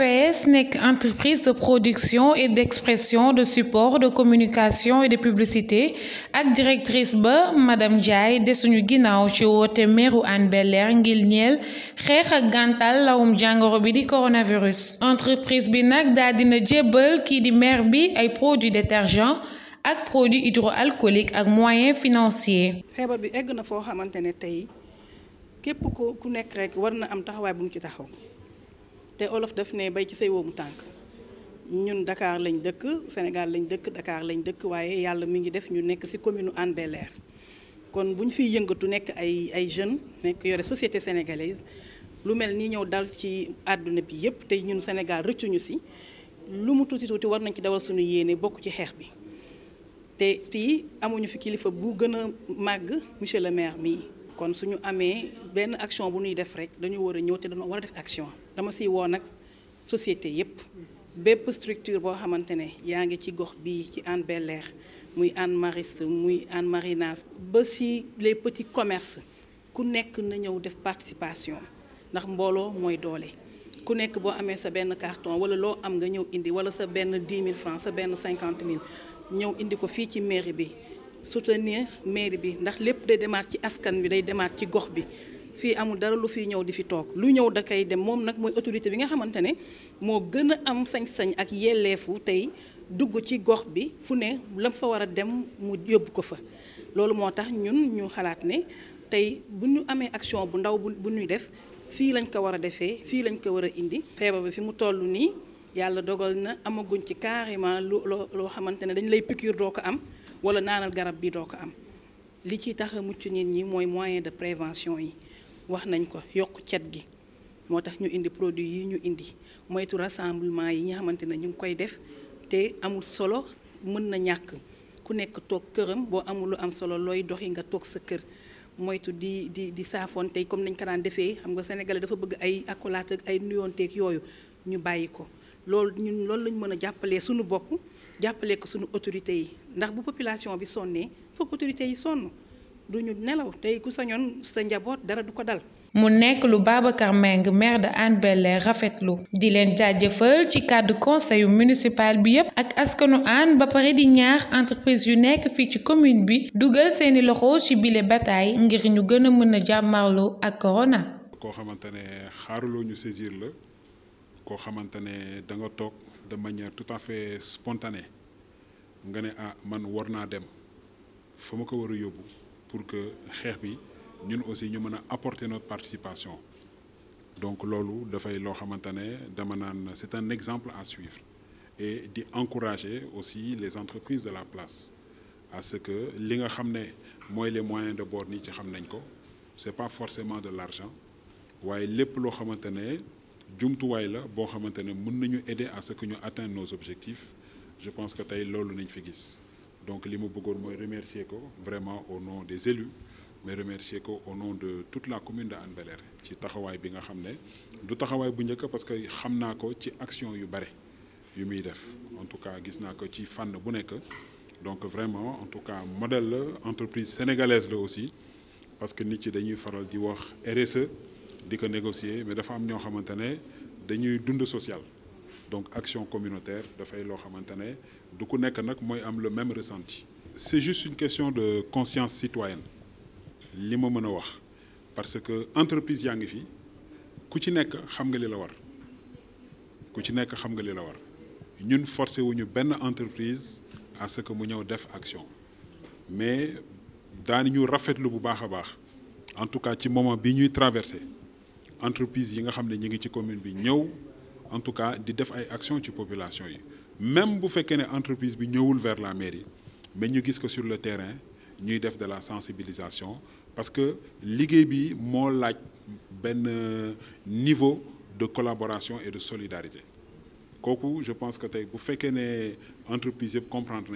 GPS nekk entreprise de production et d'expression de support de communication et de publicité ak directrice ba madame Ndiaye desuñu ginaaw ci wote meeru Anne bel ngil ngir ñeel xeex ak gantal lawum jangoro bi di coronavirus. entreprise bi nak da dina jébbal ki di mère bi ay produits détergents ak produits hydroalcooliques ak moyens financiers. xeebar bi egg na fo xamantene tay tey képp ku nekk rek war na am taxaway bu mu ci taxaw. te olof daf ne bay ci say woomu tànk ñun Dakar lañ dëkk Sénégal lañ dëkk Dakar lañ dëkk waaye yàlla mi ngi def ñu nekk ci commune Hann bel kon bu ñu fiy yëngatu nekk ay ay jeunes nekk yore société sénégalaise lu mel ni ñëw dal ci àdduna bi yépp te ñun Sénégal rëccuñu si lu mu tuuti tuuti war nañ ci dawal suñu yéene bokk ci xeex bi te fii amuñu fi kilifa bu gën a màgg monsieur le maire mii kon suñu amee benn action bu nuy def rek dañu war a ñëw te dañoo war def action. dama siy woo nag société yépp bépp structure boo xamante ne yaa ngi ci gox bii ci Hann bel muy Hann Mariste muy Hann Marinas ba si les petits commerces ku nekk na ñëw def participation ndax mbooloo mooy doole ku nekk boo amee sa benn carton wala loo am nga ñëw indi wala sa benn 10 000 francs sa benn 50 000 ñëw indi ko fii ci mairie bi soutenir mairie bi ndax lépp day demaat ci askan bi day demaat ci gox bi fii amul dara lu fi ñëw di fi toog lu ñëw da kay dem moom nag mooy autorité bi nga xamante ne moo gën a am sañsañ ak yelleefu tey dugg ci gox bi fu ne lam fa war a dem mu yóbbu ko fa loolu moo tax ñun ñu xalaat ne tey bu ñu amee action bu ndaw bu ñuy def fii lañ ko war a defee fii lañ ko war a indi feebar bi fi mu toll nii yàlla dogal na amaguñ ci carrément lu loo xamante ne dañ lay piqûre doo ko am wala naanal garab bi doo ko am li ci tax mucc nit ñi mooy moyen de prévention yi wax nañ ko yokk cet gi moo tax ñu indi produit yi ñu indi moytu rassemblement yi nga xamante ne ñu ngi koy def te amul solo mën na ñàkk ku nekk toog këram boo amul lu am solo looy doxi nga toog sa kër moytu di di di saafoon tey comme nañ ko daan defee xam nga sénégalais dafa bëgg ay accolade ak ay nuyoonteeg yooyu ñu bàyyi ko loolu ñun loolu lañ mën a jàppalee suñu bopp jàppale ko suñu autorités yi ndax bu population bi sonnee foog autorités yi sonn duñu nelaw tey ku sañoon sa njaboot dara du ko dal. mu nekk lu Babacar Mbengue maire de Hann Bel-Air rafetlu di leen jaajëfal ci cadre conseil municipal bi yépp ak askanu Hann ba pare di ñaax entreprise yu nekk fii ci commune bi dugal seeni loxo ci bile bataille ngir ñu gën a mën a jàmmarloo ak corona. koo xamante ne xaaruloo ñu saisir la koo xamante ne da nga toog de manière tout à fait spontanée nga ne ah man war naa dem fa ma ko war a yóbbu. pour que nous bi aussi ñu apporter notre participation donc c'est un exemple à suivre et d'encourager aussi les entreprises de la place à ce que li nga xamné moy les moyens de bord ce ci ko c'est pas forcément de l'argent waye lepp lo xamante ne way la bo xamante mën aider à ce que nous atteindre nos objectifs je pense que tay lolu nañ fi gis donc li mu je remercier vraiment au nom des élus mais remercier au nom de toute la commune de Hann qui est ci Binga bi nga xam du bu parce que xam naa ko action yu Yumidef. yu en tout cas gis naa ko ci fànn bu donc vraiment en tout cas modèle entreprise sénégalaise le aussi parce que nous, ci dañuy faral di RSE nous négocier mais dafa am fait xamante ne dañuy dund social donc action communautaire de faire xamante ne du ku nekk nag mooy am le même ressenti. c'est juste une question de conscience citoyenne li ma mën wax parce que entreprise yaa ngi fi ku ci nekk xam nga li war ku ci nekk xam nga li la war ñun forcé wuñu entreprise à ce que mu ñëw def action mais daanañu rafetlu bu baax a baax en tout cas ci moment bi ñuy traversé entreprise yi nga xam ne ngi ci commune bi ñëw en tout cas faire des actions sur la population même bu faites ne entreprise bi vers la mairie mais ñu gis sur le terrain ñuy def de la sensibilisation parce que liggéey bi un niveau de collaboration et de solidarité Donc, je pense que si bu entreprises comprennent entreprise yëpp comprendre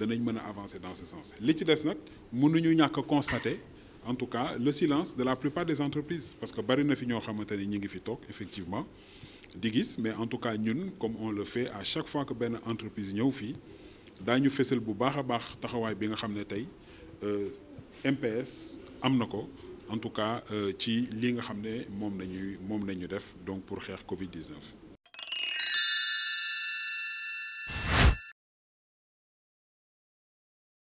nañ avancer dans ce sens li ci des nous constaté, c'est constater en tout cas le silence de la plupart des entreprises parce que bari na fi ñoo effectivement di mais en tout cas ñun comme on le fait à chaque fois que ben entreprise ñeu fi dañu fessel bu baax baax taxaway bi nga xamné tay euh MPS Amnako ko en tout cas euh, ci li nga xamné mom moom mom moom def donc pour xex Covid 19.